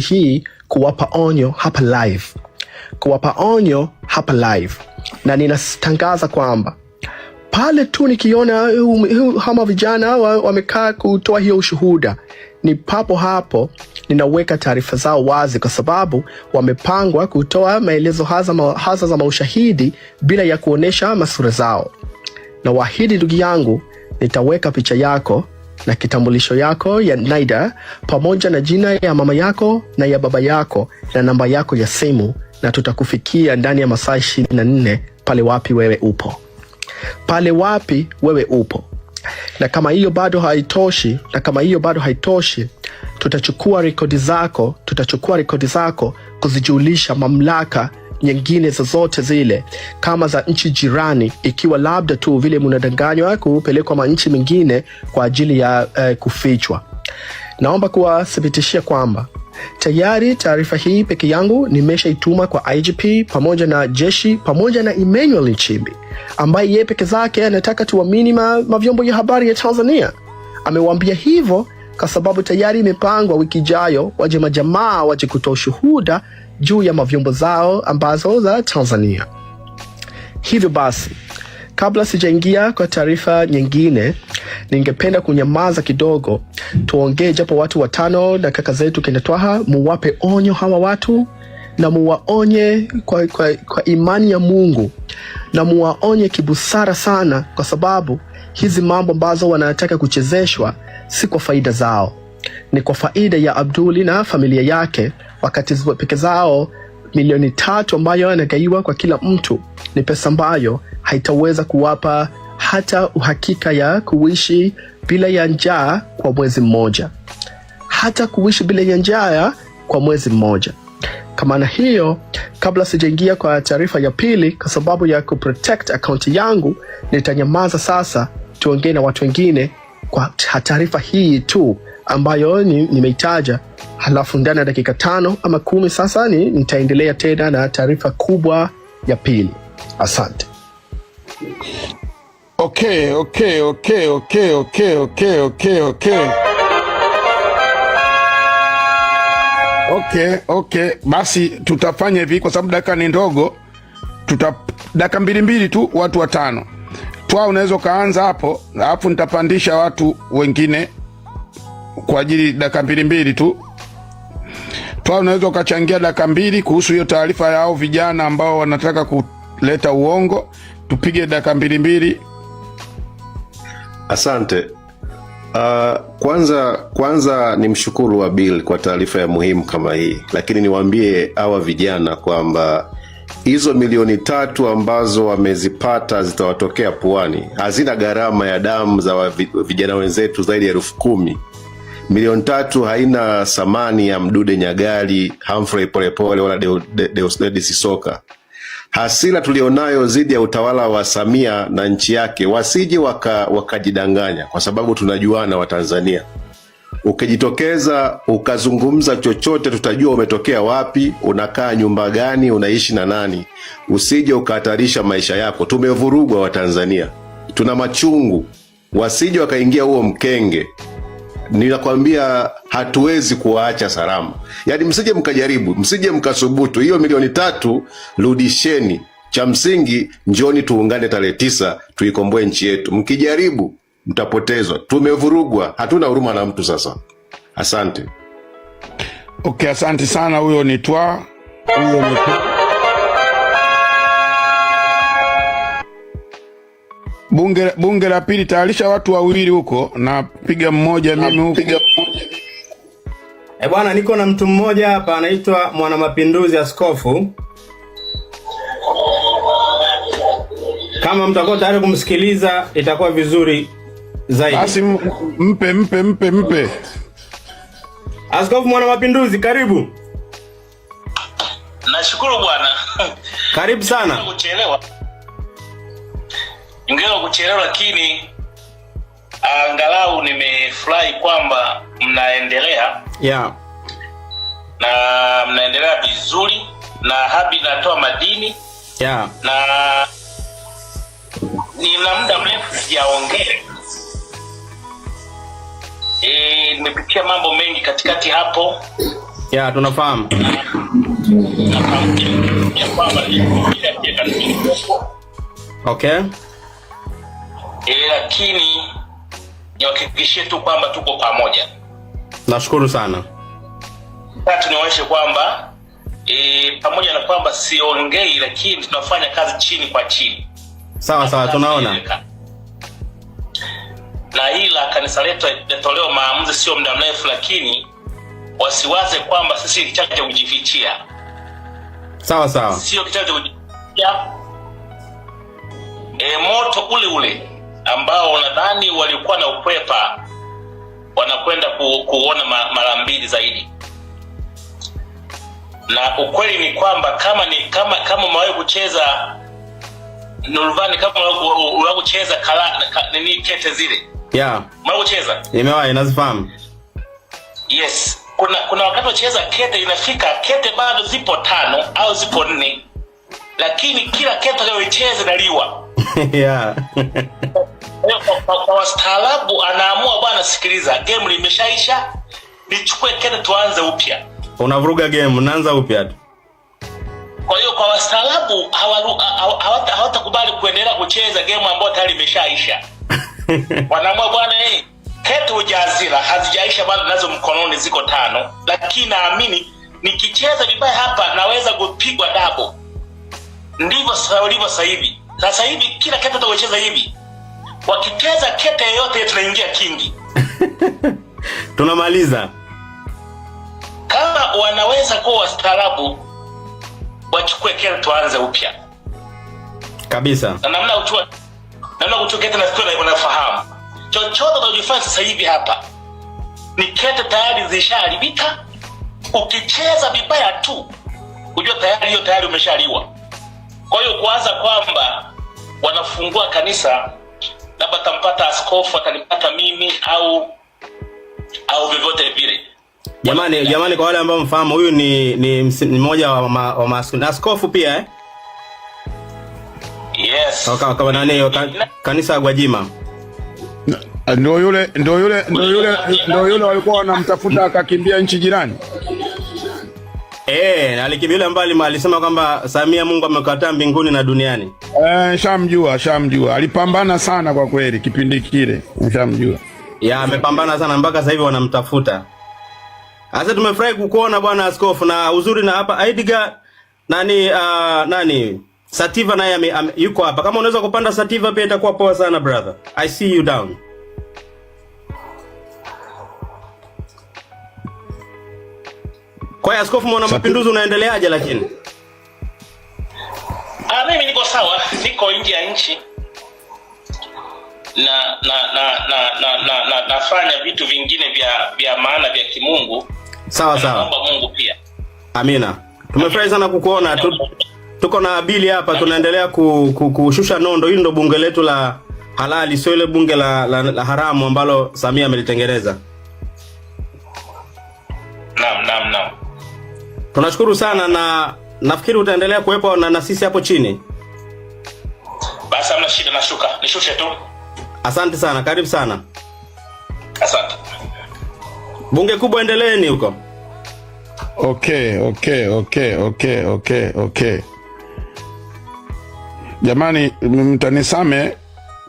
hii kuwapa onyo hapa live, kuwapa onyo hapa live, na ninatangaza kwamba pale tu nikiona hama vijana wamekaa kutoa hiyo ushuhuda, ni papo hapo ninaweka taarifa zao wazi, kwa sababu wamepangwa kutoa maelezo hasa za maushahidi bila ya kuonyesha masura zao. Na waahidi ndugu yangu, nitaweka picha yako na kitambulisho yako ya NIDA pamoja na jina ya mama yako na ya baba yako na namba yako ya simu, na tutakufikia ndani ya masaa 24 pale wapi wewe upo, pale wapi wewe upo. Na kama hiyo bado haitoshi, na kama hiyo bado haitoshi, tutachukua rekodi zako, tutachukua rekodi zako kuzijulisha mamlaka nyingine zozote zile kama za nchi jirani, ikiwa labda tu vile munadanganywa kupelekwa manchi mengine kwa ajili ya eh, kufichwa. Naomba kuwathibitishia kwamba tayari taarifa hii peke yangu nimeshaituma kwa IGP pamoja na jeshi pamoja na Emmanuel Nchimbi ambaye yeye peke zake anataka tuamini mavyombo ma ya habari ya Tanzania. amewambia hivyo kwa sababu tayari imepangwa wiki ijayo waje majamaa waje kutoa ushuhuda juu ya mavyombo zao ambazo za Tanzania. Hivyo basi, kabla sijaingia kwa taarifa nyingine, ningependa kunyamaza kidogo, tuongee japo watu watano na kaka zetu kina Twaha, muwape onyo hawa watu na muwaonye kwa, kwa, kwa imani ya Mungu na muwaonye kibusara sana, kwa sababu hizi mambo ambazo wanataka kuchezeshwa si kwa faida zao, ni kwa faida ya Abduli na familia yake wakatizwa peke zao milioni tatu ambayo anagaiwa kwa kila mtu. Ni pesa ambayo haitaweza kuwapa hata uhakika ya kuishi bila ya njaa kwa mwezi mmoja, hata kuishi bila ya njaa kwa mwezi mmoja. Kwa maana hiyo, kabla sijaingia kwa taarifa ya pili, kwa sababu ya kuprotect akaunti yangu, nitanyamaza sasa, tuongee na watu wengine kwa taarifa hii tu ambayo nimeitaja ni halafu ndani ya dakika tano ama kumi sasa ni nitaendelea tena na taarifa kubwa ya pili. Asante. Okay, okay, okay, okay, okay, okay, okay, okay. Okay, okay. Basi tutafanya hivi kwa sababu dakika ni ndogo, tuta dakika mbili mbili tu, watu watano twa, unaweza ukaanza hapo, alafu nitapandisha watu wengine kwa ajili dakika mbili mbili tu pale, unaweza ukachangia dakika mbili kuhusu hiyo taarifa yao, vijana ambao wanataka kuleta uongo. Tupige dakika mbili mbili. Asante. Uh, kwanza kwanza nimshukuru bill kwa taarifa ya muhimu kama hii, lakini niwaambie hawa vijana kwamba hizo milioni tatu ambazo wamezipata zitawatokea puani, hazina gharama ya damu za vijana wenzetu zaidi ya elfu kumi Milioni tatu haina thamani ya Mdude Nyagali, Humphrey Polepole wala Deusdedith Soka. Hasira tulionayo dhidi ya utawala wa Samia na nchi yake, wasije wakajidanganya waka, kwa sababu tunajuana Watanzania. Ukijitokeza ukazungumza chochote, tutajua umetokea wapi, unakaa nyumba gani, unaishi na nani. Usije ukahatarisha maisha yako. Tumevurugwa Watanzania, tuna machungu, wasije wakaingia huo mkenge ninakwambia hatuwezi kuwaacha salama. Yaani, msije mkajaribu, msije mkasubutu. Hiyo milioni tatu rudisheni. Cha msingi, njoni tuungane tarehe tisa tuikomboe nchi yetu. Mkijaribu mtapotezwa. Tumevurugwa, hatuna huruma na mtu sasa. Asante. Okay, asante sana. Huyo ni twa huyo ni bunge, bunge la pili tayarisha watu wawili huko, napiga mmoja mimi huko. Eh, bwana, niko na mtu mmoja hapa anaitwa Mwanamapinduzi Askofu. Kama mtakuwa tayari kumsikiliza itakuwa vizuri zaidi. Basi mpe mpe mpe mpe. Askofu mapinduzi, karibu. Nashukuru bwana. Karibu sana. Kuchelewa ingeweza kuchelewa, lakini ah, angalau nimefurahi kwamba mnaendelea yeah. na mnaendelea vizuri na habi natoa madini yeah. na nina muda mrefu sijaongea. E, nimepitia mambo mengi katikati hapo ya tunafahamu okay e, lakini niwahakikishie tu kwamba tuko pamoja. Nashukuru sana. Tatu, niwaonyeshe kwamba e, pamoja na kwamba siongei, lakini tunafanya kazi chini kwa chini. Sawa sawa, tunaona na ila kanisa letu litatolewa maamuzi sio muda mrefu, lakini wasiwaze kwamba sisi kichaa cha kujifichia. Sawa sawa, sio kichaa cha kujifichia. E, moto ule ule ambao nadhani walikuwa na ukwepa wanakwenda ku, kuona mara mbili zaidi, na ukweli ni kwamba kama ni kama kama umewahi kucheza Nurvani, kama umewahi kucheza kala ka, nini kete zile ya yeah, umewahi kucheza, nimewahi nazifahamu, yes. Kuna kuna wakati wacheza kete, inafika kete bado zipo tano au zipo nne, lakini kila kete unayocheza inaliwa yeah kwa wastaarabu anaamua bwana, sikiliza, game limeshaisha, nichukue tena tuanze upya. Unavuruga game, naanza upya tu. Kwa hiyo kwa wastaarabu hawatakubali kuendelea kucheza game ambayo tayari imeshaisha. Wanaamua bwana, eh, kete ujazira hazijaisha bado, nazo mkononi ziko tano, lakini naamini nikicheza vibaya hapa naweza kupigwa dabo. Ndivyo sasa ulivyo sasa hivi. Sasa hivi kila kete utakocheza hivi wakiteza kete yoyote tunaingia kingi tunamaliza. Kama wanaweza kuwa wastaarabu, wachukue kete, tuanze upya kabisa, namna uchua namna kete, na chochote tunajifanya sasa hivi hapa ni kete tayari zishaharibika. Ukicheza vibaya tu ujua tayari hiyo tayari umeshaliwa. Kwa hiyo kuanza kwamba wanafungua kanisa labda atampata askofu, atanipata mimi au au vyovyote vile. Jamani, jamani, kwa wale ambao mfahamu, huyu ni ni mmoja wa ma, wa ma, na askofu pia eh? Yes. Waka, waka nani, kan, kanisa ya Gwajima ndio yule ndio yule ndio yule ndio yule walikuwa wanamtafuta akakimbia nchi jirani. Eh, alikimbia yule ambaye alisema kwamba Samia Mungu amekataa mbinguni na duniani. Eh, shamjua, shamjua. Alipambana sana kwa kweli kipindi kile. Shamjua. Ya, amepambana sana mpaka sasa hivi wanamtafuta. Sasa tumefurahi kukuona bwana askofu na uzuri na hapa Aidiga nani uh, nani Sativa naye yuko hapa. Kama unaweza kupanda Sativa pia itakuwa poa sana brother. I see you down. Kwa hiyo Askofu Mwana Mapinduzi unaendeleaje lakini? Ah, mimi niko sawa, niko nje ya nchi na na na na na, na, na nafanya vitu vingine vya vya maana vya kimungu. Sawa sawa. Naomba Mungu pia. Amina. Tumefurahi sana kukuona. Tuko na Abili hapa tunaendelea kushusha ku, ku, nondo. Hili ndo bunge letu la halali, sio ile bunge la, la, la haramu ambalo Samia amelitengeneza. Naam, naam, naam. Tunashukuru sana na nafikiri utaendelea kuwepo na, na sisi hapo chini. Basi hamna shida, nashuka nishushe tu. Asante sana, karibu sana. Asante. Bunge kubwa, endeleeni huko. Okay, okay, okay, okay, okay, okay. Jamani, mtanisame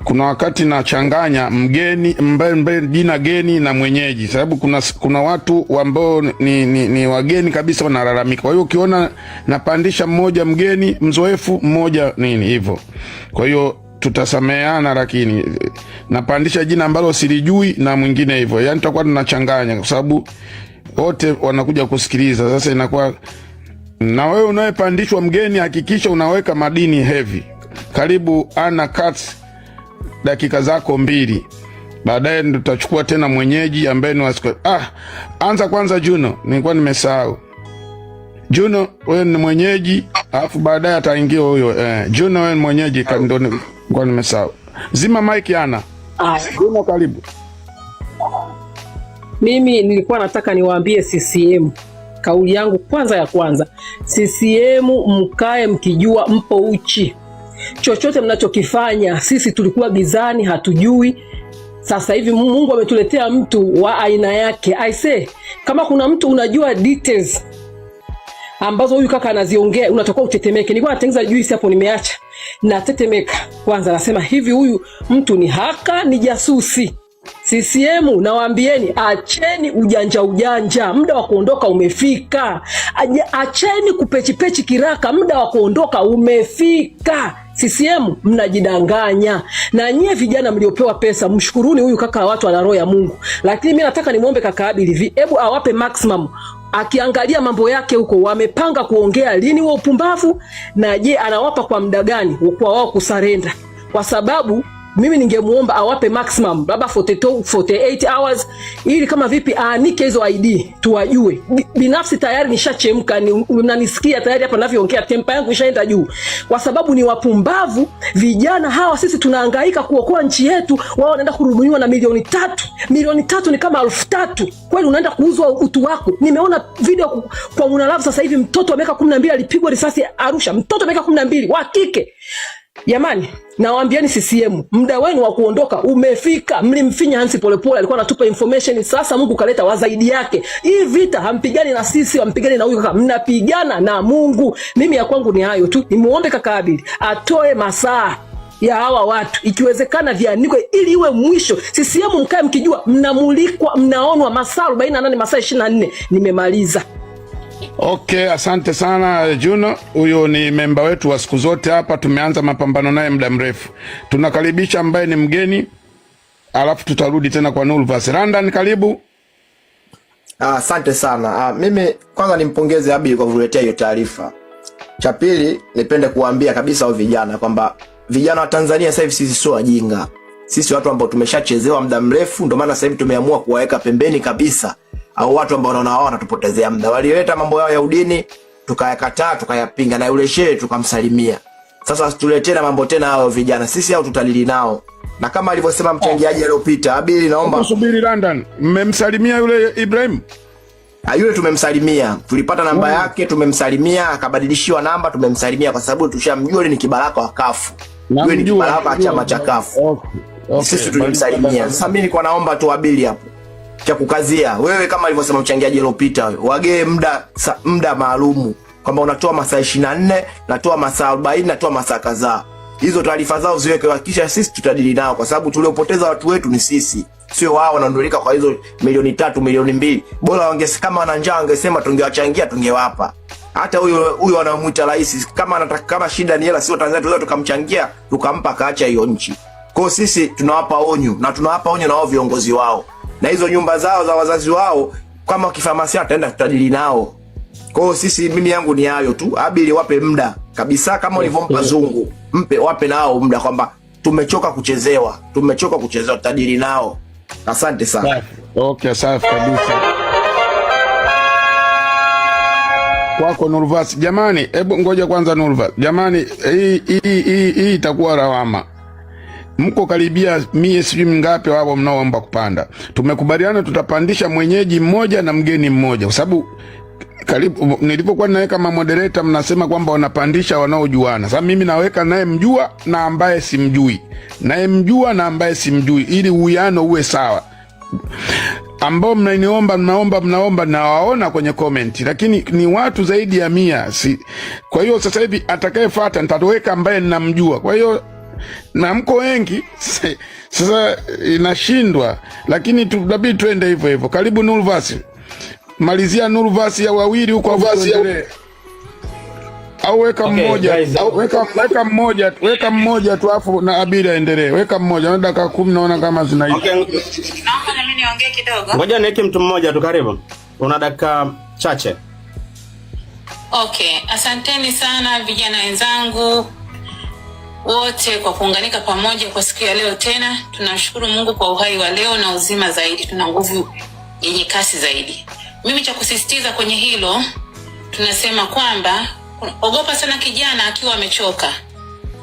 kuna wakati nachanganya mgeni mbe, mbe, jina geni na mwenyeji, sababu kuna, kuna watu ambao ni, ni, ni wageni kabisa wanalalamika. Kwa hiyo ukiona napandisha mmoja mgeni mzoefu mmoja nini hivyo, kwa hiyo tutasameheana, lakini eh, napandisha jina ambalo silijui na mwingine hivyo, yani tutakuwa tunachanganya kwa sababu wote wanakuja kusikiliza. Sasa inakuwa na wewe unayepandishwa mgeni, hakikisha unaweka madini heavy. Karibu Ana cuts dakika zako mbili, baadaye ndo tutachukua tena mwenyeji ambaye ni wasiko. Ah, anza kwanza Juno, nilikuwa nimesahau Juno, wewe ni mwenyeji, alafu baadaye ataingia huyo eh. Juno, wewe ni mwenyeji, ndo nilikuwa nimesahau. Zima mike ana Juno, karibu. Mimi nilikuwa nataka niwaambie CCM kauli yangu kwanza ya kwanza, CCM mkae mkijua mpo uchi chochote mnachokifanya, sisi tulikuwa gizani, hatujui. Sasa hivi Mungu ametuletea mtu wa aina yake. I say kama kuna mtu unajua details ambazo huyu kaka anaziongea, unatakiwa utetemeke. Nilikuwa natengeza juisi hapo, nimeacha natetemeka. Kwanza nasema hivi, huyu mtu ni haka, ni jasusi CCM nawaambieni, acheni ujanja ujanja, muda wa kuondoka umefika. Acheni kupechipechi kiraka, muda wa kuondoka umefika. CCM mnajidanganya, na nyie vijana mliopewa pesa, mshukuruni huyu kaka wa watu ana roho ya Mungu. Lakini mi nataka nimwombe kaka Abili hivi, hebu awape maximum akiangalia mambo yake huko, wamepanga kuongea lini wa upumbavu, na je anawapa kwa muda gani kwa wao kusarenda, kwa sababu mimi ningemuomba awape maximum labda 48 hours, ili kama vipi aanike hizo ID tuwajue. Binafsi tayari nishachemka, ni, unanisikia tayari hapa ninavyoongea, tempa yangu ishaenda juu, kwa sababu ni wapumbavu vijana hawa. Sisi tunahangaika kuokoa nchi yetu, wao wanaenda kurudumiwa na milioni tatu. Milioni tatu ni kama alfu tatu kweli, unaenda kuuzwa utu wako. Nimeona video kwa Munalavu sasa hivi, mtoto wa miaka 12 alipigwa risasi Arusha, mtoto wa miaka 12 wa kike. Jamani, nawaambieni CCM, muda wenu wa kuondoka umefika. Mlimfinya Hansi Polepole, alikuwa anatupa information, sasa Mungu kaleta wa zaidi yake. Hii vita hampigani na sisi, hampigani na huyu kaka, mnapigana na Mungu. Mimi ya kwangu ni hayo tu, nimuombe kaka Abili atoe masaa ya hawa watu ikiwezekana vianikwe ili iwe mwisho. CCM mkae mkijua mnamulikwa, mnaonwa masaa 48 masaa 24. Nimemaliza. Okay, asante sana Juno. Huyu ni memba wetu wa siku zote hapa, tumeanza mapambano naye muda mrefu. Tunakaribisha ambaye ni mgeni, alafu tutarudi tena kwa Nulvas London. Karibu. Ah, asante ah, sana ah, mimi kwanza nimpongeze Abi kwa kuletea hiyo taarifa. Cha pili nipende kuwaambia kabisa hao vijana kwamba vijana wa Tanzania sasa hivi sisi sio wajinga, sisi watu ambao tumeshachezewa muda mrefu, ndio maana sasa hivi tumeamua kuwaweka pembeni kabisa au watu ambao wanaona wao wanatupotezea muda, walioleta mambo yao ya udini tukayakataa, tukayapinga na yule shehe tukamsalimia. Sasa situletee na mambo tena hao vijana, sisi au tutalili nao. Na kama alivyosema mchangiaji oh. aliyopita, Abili, naomba subiri. London, mmemsalimia yule Ibrahim? Ah, yule tumemsalimia, tulipata namba oh. yake tumemsalimia, akabadilishiwa namba, tumemsalimia kwa sababu tushamjua ni kibaraka wa kafu, yule ni kibaraka wa chama cha kafu. Okay. Okay. Sisi tulimsalimia. Sasa mimi nilikuwa naomba tu Abili hapo cha kukazia wewe, kama alivyosema mchangiaji aliyopita, wagee muda muda maalum kwamba unatoa masaa 24, natoa masaa 40, natoa masaa kadhaa. Hizo taarifa zao ziweke, hakikisha sisi tutadili nao, kwa sababu tuliopoteza watu wetu ni sisi, sio wao. Wanaondolika kwa hizo milioni tatu milioni mbili, bora wange, kama wana njaa wangesema, tungewachangia tungewapa. Hata huyo huyo anamuita rais, kama anataka, kama shida ni hela, sio Tanzania, tuweza tukamchangia tukampa, kaacha hiyo nchi. Kwa sisi tunawapa onyo na tunawapa onyo na wao viongozi wao na hizo nyumba zao za wazazi wao, kama kifamasia ataenda kutajiri nao. Kwa hiyo sisi, mimi yangu ni hayo tu. Abili wape muda kabisa, kama ulivyompa Zungu, mpe wape nao muda kwamba tumechoka kuchezewa, tumechoka kuchezewa, tutajiri nao. Asante sana. Okay, safi kabisa. Kwako Nurvas, jamani, hebu ngoja kwanza Nurvas, jamani, hii hii hii itakuwa rawama mko karibia mie sijui mingapi wapo mnaoomba kupanda. Tumekubaliana tutapandisha mwenyeji mmoja na mgeni mmoja, kwa sababu karibu nilipokuwa naweka ma moderator mnasema kwamba wanapandisha wanaojuana. Sasa mimi naweka naye mjua na ambaye simjui, naye mjua na ambaye simjui, ili uwiano uwe sawa. Ambao mnaniomba mnaomba mnaomba, nawaona kwenye comment, lakini ni watu zaidi ya mia si. Kwa hiyo sasa hivi atakayefuata nitaweka ambaye ninamjua, kwa hiyo na mko wengi sasa inashindwa, lakini tunabidi twende hivyo hivyo. Karibu Nuru malizia nulvasi ya wawili huko au weka mmoja, weka mmoja, weka mmoja tu afu na abiri aendelee. Weka mmoja na dakika kumi, naona kama zinaisha. Okay, naomba na mimi niongee kidogo. Ngoja niweke mtu mmoja tu, karibu. Una dakika chache. Okay, asanteni sana vijana wenzangu wote kwa kuunganika pamoja kwa siku ya leo tena. tunashukuru Mungu kwa uhai wa leo na uzima zaidi, tuna nguvu yenye kasi zaidi. Mimi cha kusisitiza kwenye hilo, tunasema kwamba ogopa sana kijana akiwa amechoka,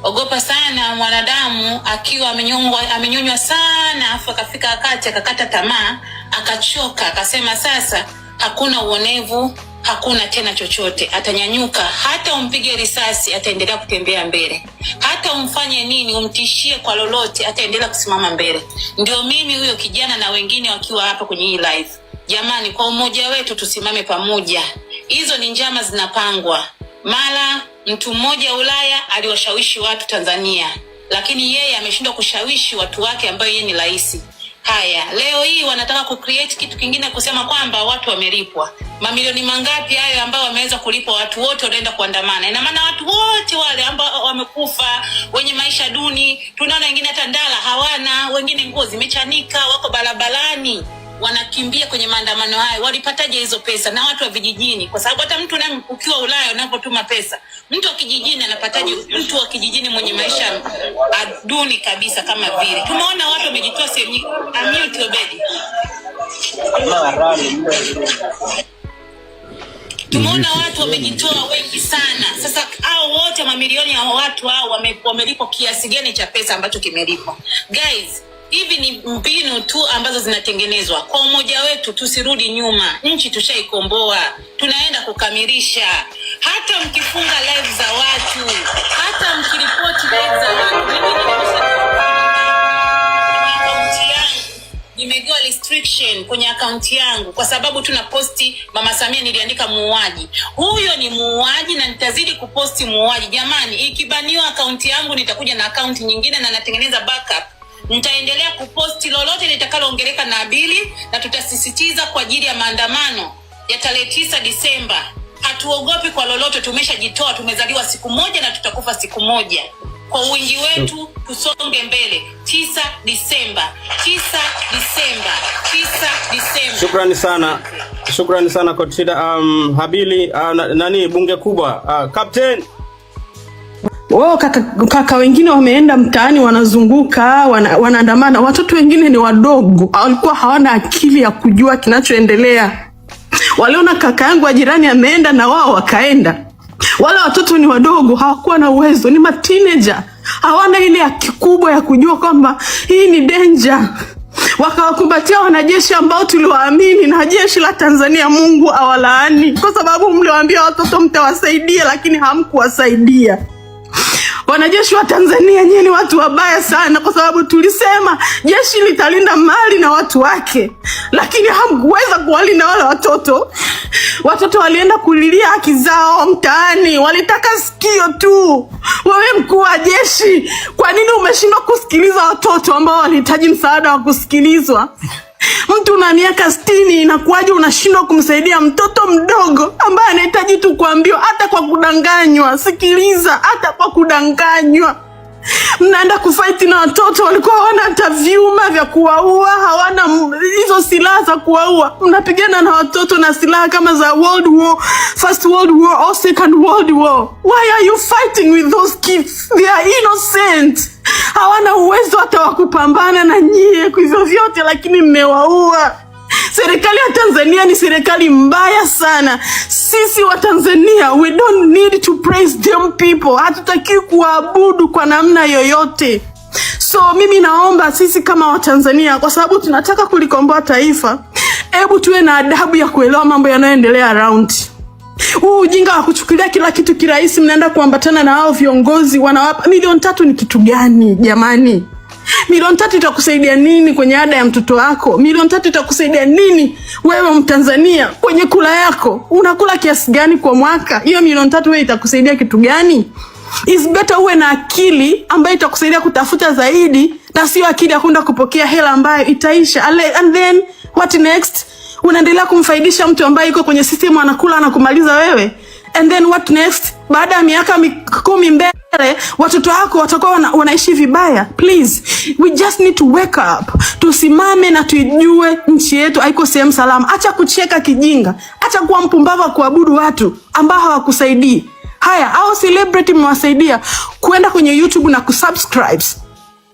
ogopa sana mwanadamu akiwa amenyongwa, amenyonywa sana, afu akafika wakati akakata tamaa, akachoka, akasema sasa hakuna uonevu hakuna tena chochote, atanyanyuka. Hata umpige risasi, ataendelea kutembea mbele. Hata umfanye nini, umtishie kwa lolote, ataendelea kusimama mbele. Ndio mimi huyo kijana na wengine wakiwa hapa kwenye hii live. Jamani, kwa umoja wetu tusimame pamoja. Hizo ni njama zinapangwa. Mara mtu mmoja Ulaya aliwashawishi watu Tanzania, lakini yeye ameshindwa kushawishi watu wake ambayo yeye ni rais. Haya, leo hii wanataka kucreate kitu kingine kusema kwamba watu wamelipwa mamilioni mangapi hayo ambao wameweza kulipwa, watu wote wanaenda kuandamana. Ina maana watu wote wale ambao wamekufa, wenye maisha duni, tunaona wengine hata ndala hawana, wengine nguo zimechanika, wako barabarani wanakimbia kwenye maandamano hayo, walipataje hizo pesa? Na watu wa vijijini, kwa sababu hata mtu naye ukiwa Ulaya unapotuma pesa, mtu wa kijijini anapataje? Mtu wa kijijini mwenye maisha aduni kabisa kama vile tumeona watu wamejitoa sehemu nyingi. Amute tumeona watu wamejitoa wengi sana. Sasa hao wote mamilioni ya watu hao wamelipwa kiasi gani cha pesa ambacho kimelipwa guys hivi ni mbinu tu ambazo zinatengenezwa kwa umoja wetu. Tusirudi nyuma, nchi tushaikomboa, tunaenda kukamilisha. Hata mkifunga live za watu, hata mkiripoti live za nimegewa restriction kwenye akaunti yangu kwa sababu tuna posti mama Samia, niliandika muuaji. Huyo ni muuaji na nitazidi kuposti muuaji. Jamani, ikibaniwa akaunti yangu nitakuja na akaunti nyingine na natengeneza backup ntaendelea kuposti lolote litakaloongeleka na Abili na tutasisitiza kwa ajili ya maandamano ya tarehe tisa Disemba. Hatuogopi kwa lolote, tumeshajitoa. Tumezaliwa siku moja na tutakufa siku moja. Kwa wingi wetu tusonge mbele. Tisa Disemba, tisa Disemba, tisa Disemba. Shukrani sana, shukrani sana Kotsida. Um, Habili uh, nani bunge kubwa uh, Captain wao oh, kaka, kaka wengine wameenda mtaani wanazunguka wana, wanaandamana. Watoto wengine ni wadogo, walikuwa hawana akili ya kujua kinachoendelea. Waliona kaka yangu wa jirani ameenda na wao wakaenda. Wale watoto ni wadogo, hawakuwa na uwezo, ni matineja, hawana ile akili kubwa ya kujua kwamba hii ni danger. Wakawakumbatia wanajeshi ambao tuliwaamini na jeshi la Tanzania, Mungu awalaani, kwa sababu mliwaambia watoto mtawasaidia, lakini hamkuwasaidia. Wanajeshi wa Tanzania nyinyi ni watu wabaya sana, kwa sababu tulisema jeshi litalinda mali na watu wake, lakini hamkuweza kuwalinda wale watoto. Watoto walienda kulilia haki zao mtaani, walitaka sikio tu. Wewe mkuu wa jeshi, kwa nini umeshindwa kusikiliza watoto ambao walihitaji msaada wa kusikilizwa? Mtu na miaka sitini inakuwaje unashindwa kumsaidia mtoto mdogo ambaye anahitaji tu kuambiwa, hata kwa kudanganywa. Sikiliza, hata kwa kudanganywa. Mnaenda kufaiti na watoto walikuwa hawana hata vyuma vya kuwaua, hawana hizo silaha za kuwaua. Mnapigana na watoto na silaha kama za World War, First World War or Second World War. Why are you fighting with those kids? They are innocent hawana uwezo hata wa kupambana na nyie kwa vyote, lakini mmewaua. Serikali ya Tanzania ni serikali mbaya sana. Sisi wa Tanzania, we don't need to praise them people, hatutaki kuabudu kwa namna yoyote. So mimi naomba sisi kama Watanzania, kwa sababu tunataka kulikomboa taifa, hebu tuwe na adabu ya kuelewa mambo yanayoendelea around huu ujinga wa kuchukulia kila kitu kirahisi, mnaenda kuambatana na hao viongozi wanawapa milioni tatu. Ni kitu gani jamani? Milioni tatu itakusaidia nini kwenye ada ya mtoto wako? Milioni tatu itakusaidia nini wewe Mtanzania kwenye kula yako? Unakula kiasi gani kwa mwaka? Hiyo milioni tatu wewe itakusaidia kitu gani? Is better uwe na akili ambayo itakusaidia kutafuta zaidi na sio akili ya kwenda kupokea hela ambayo itaisha. And then what next? unaendelea kumfaidisha mtu ambaye yuko kwenye system anakula na kumaliza wewe, and then what next? Baada ya miaka kumi mbele watoto wako watakuwa wana, wanaishi vibaya. Please, we just need to wake up, tusimame na tuijue nchi yetu haiko sehemu salama. Acha kucheka kijinga, acha kuwa mpumbavu, wa kuabudu watu ambao hawakusaidii. Haya, au celebrity mmewasaidia kwenda kwenye YouTube na kusubscribe,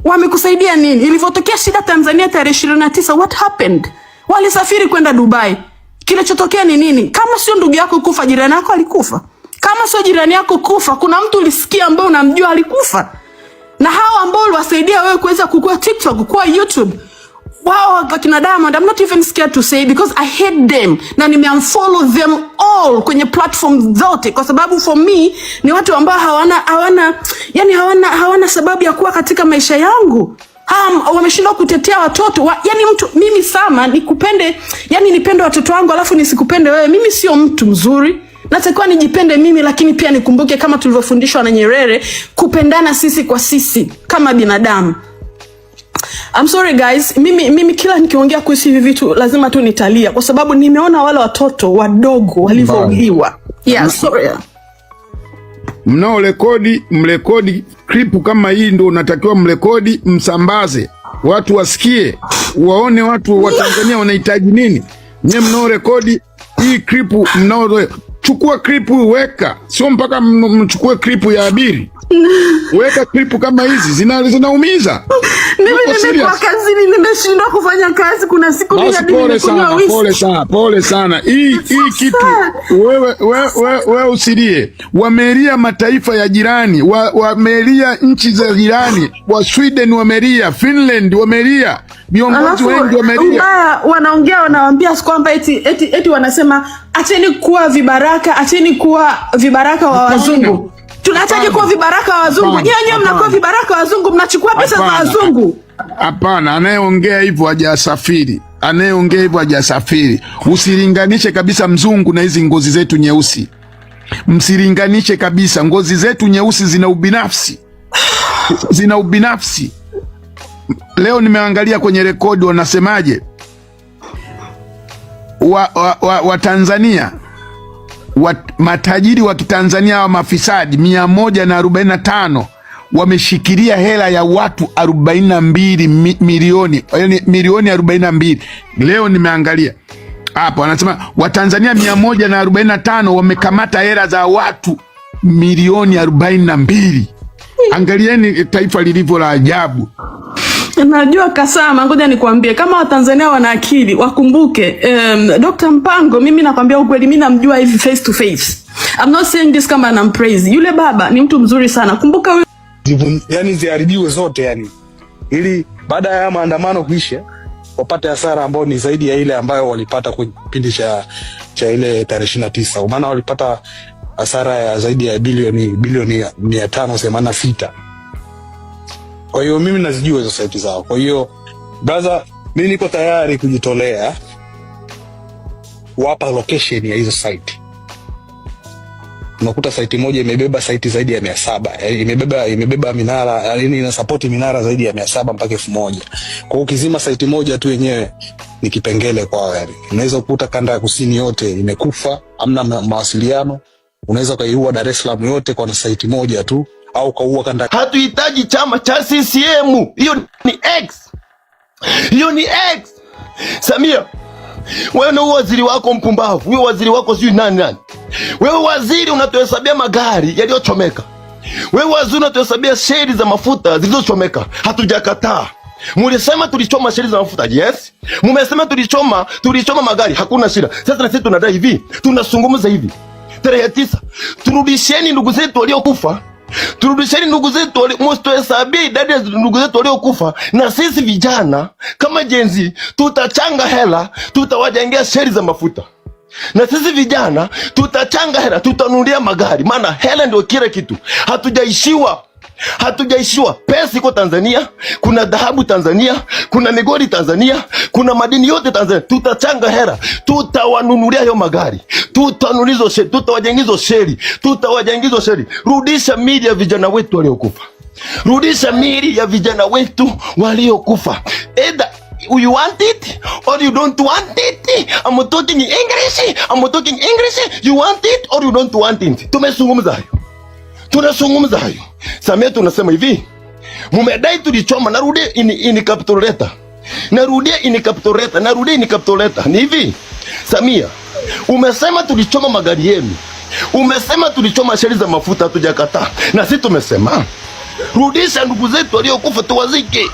wamekusaidia nini? Ilivyotokea shida Tanzania tarehe 29, what happened? Walisafiri kwenda Dubai. Kinachotokea ni nini? Kama sio ndugu yako kufa, jirani yako alikufa. Kama sio jirani yako kufa, kuna mtu ulisikia ambaye unamjua alikufa. Na hao ambao uliwasaidia wewe kuweza kukua TikTok, kukua YouTube, wao wakina Diamond, I'm not even scared to say because I hate them na nimeunfollow them all kwenye platform zote, kwa sababu for me ni watu ambao hawana hawana, yani hawana hawana sababu ya kuwa katika maisha yangu um, wameshindwa kutetea watoto wa, yani mtu mimi Sama nikupende, yani nipende watoto wangu alafu nisikupende wewe, mimi sio mtu mzuri natakiwa nijipende mimi lakini pia nikumbuke kama tulivyofundishwa na Nyerere kupendana sisi kwa sisi kama binadamu. I'm sorry guys, mimi, mimi kila nikiongea kuhusu hivi vitu lazima tu nitalia kwa sababu nimeona wale watoto wadogo walivyouliwa. Yeah, sorry. Mnao rekodi mrekodi klipu kama hii ndio unatakiwa mrekodi, msambaze watu wasikie, waone watu wa Tanzania wanahitaji nini. Nye mnao rekodi hii klipu, mnao chukua klipu, weka, sio mpaka mchukue klipu ya Abiri weka kripu kama hizi zina, zinaumiza. Mimi nimekuwa kazini, nimeshindwa kufanya kazi. Kuna siku pole sana, pole sana, pole sana. Hii hii kitu wewe wewe wewe we usilie. Wamelia mataifa ya jirani, wamelia wa nchi za jirani, wa Sweden wamelia, Finland wamelia, viongozi wengi wamelia. Wanaongea wanawaambia kwamba eti, eti, eti wanasema acheni kuwa vibaraka, acheni kuwa vibaraka wa wazungu Tunahitaji kuwa vibaraka wa wazungu. nyinyi mnakuwa vibaraka wa wazungu, mnachukua pesa za wazungu. Hapana, anayeongea hivyo hajasafiri. Anayeongea hivyo hajasafiri. Usilinganishe kabisa mzungu na hizi ngozi zetu nyeusi, msilinganishe kabisa. Ngozi zetu nyeusi zina ubinafsi, zina ubinafsi. Leo nimeangalia kwenye rekodi wanasemaje, wa, wa, wa, wa Tanzania wat, matajiri wa Kitanzania wa mafisadi mia moja na na arobaini tano wameshikilia hela ya watu na mbili milioni, yaani milioni mbili Leo nimeangalia hapo, anasema Watanzania mia moja na na arobaini tano wamekamata hela za watu milioni arobaini na mbili Angalieni taifa lilivyo la ajabu. Najua Kasama, ngoja nikwambie, kama Watanzania wana akili wakumbuke, um, Dr. Mpango, mimi nakwambia ukweli, mimi namjua hivi face to face. I'm not saying this kama na praise. Yule baba ni mtu mzuri sana. Kumbuka wewe, yani ziharibiwe zote yani, ili baada ya maandamano kuisha wapate hasara ambayo ni zaidi ya ile ambayo walipata kwa kipindi cha cha ile tarehe 29, maana walipata hasara ya zaidi ya bilioni bilioni 586. Kwa hiyo mimi nazijua hizo sauti zao. Kwa hiyo brother, mi niko tayari kujitolea kuwapa location ya hizo site. Unakuta site moja imebeba site zaidi ya mia saba eh, imebeba imebeba minara yani, ina support minara zaidi ya mia saba mpaka elfu moja Kwa hiyo ukizima site moja tu yenyewe ni kipengele kwao, yani unaweza kukuta kanda ya kusini yote imekufa, amna mawasiliano. Unaweza ukaiua Dar es Salaam yote kwa na site moja tu au kaua kanda. Hatuhitaji chama cha CCM. Hiyo ni X, hiyo ni X. Samia wewe na waziri wako mpumbavu, huyo waziri wako sijui nani nani. Wewe waziri unatuhesabia magari yaliyochomeka, wewe waziri unatuhesabia sheli za mafuta zilizochomeka. Hatujakataa. Mulisema tulichoma sheli za mafuta, yes. Mumesema tulichoma, tulichoma magari, hakuna shida. Sasa na sisi tunadai hivi, tunazungumza hivi, tarehe tisa turudisheni ndugu zetu waliokufa. Turudisheni ndugu zetu, msitohesabia idadi ya ndugu zetu waliokufa. Na sisi vijana kama jenzi tutachanga hela, tutawajengea sheri za mafuta. Na sisi vijana tutachanga hela, tutanunulia magari, maana hela ndio kila kitu. Hatujaishiwa Hatujaishiwa pesa, iko Tanzania, kuna dhahabu Tanzania, kuna migodi Tanzania, kuna madini yote Tanzania. Tutachanga hera, tutawanunulia hiyo magari, tutanulizo sheri, tutawajengizo sheri, tutawajengizo sheri. Rudisha mili ya vijana wetu waliokufa, rudisha mili ya vijana wetu waliokufa. Either you want it or you don't want it. I'm talking English, I'm talking English. You want it or you don't want it. Tumezungumza hayo, tunazungumza hayo Samia tunasema hivi, mumedai tulichoma, narudia ini, ini narudia inikapituleta narudia inikapituleta. Ni hivi Samia, umesema tulichoma magari yenu, umesema tulichoma sheli za mafuta, hatujakataa na sisi tumesema rudisha ndugu zetu waliokufa, tuwazike.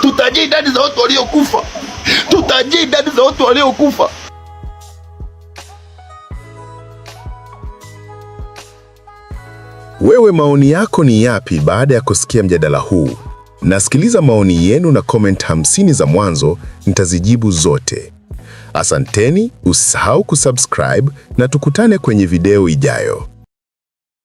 Tutajie idadi za watu waliokufa, tutajie idadi za watu waliokufa. Wewe maoni yako ni yapi baada ya kusikia mjadala huu? Nasikiliza maoni yenu na comment hamsini za mwanzo, nitazijibu zote. Asanteni, usisahau kusubscribe na tukutane kwenye video ijayo.